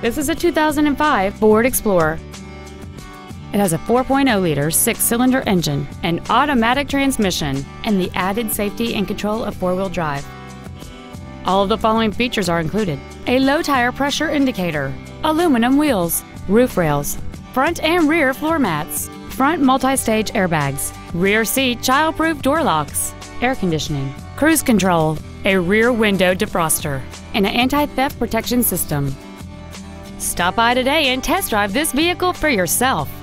This is a 2005 Ford Explorer. It has a 4.0-liter six-cylinder engine, an automatic transmission, and the added safety and control of four-wheel drive. All of the following features are included. A low tire pressure indicator, aluminum wheels, roof rails, front and rear floor mats, front multi-stage airbags, rear seat child-proof door locks, air conditioning, cruise control, a rear window defroster, and an anti-theft protection system. Stop by today and test drive this vehicle for yourself.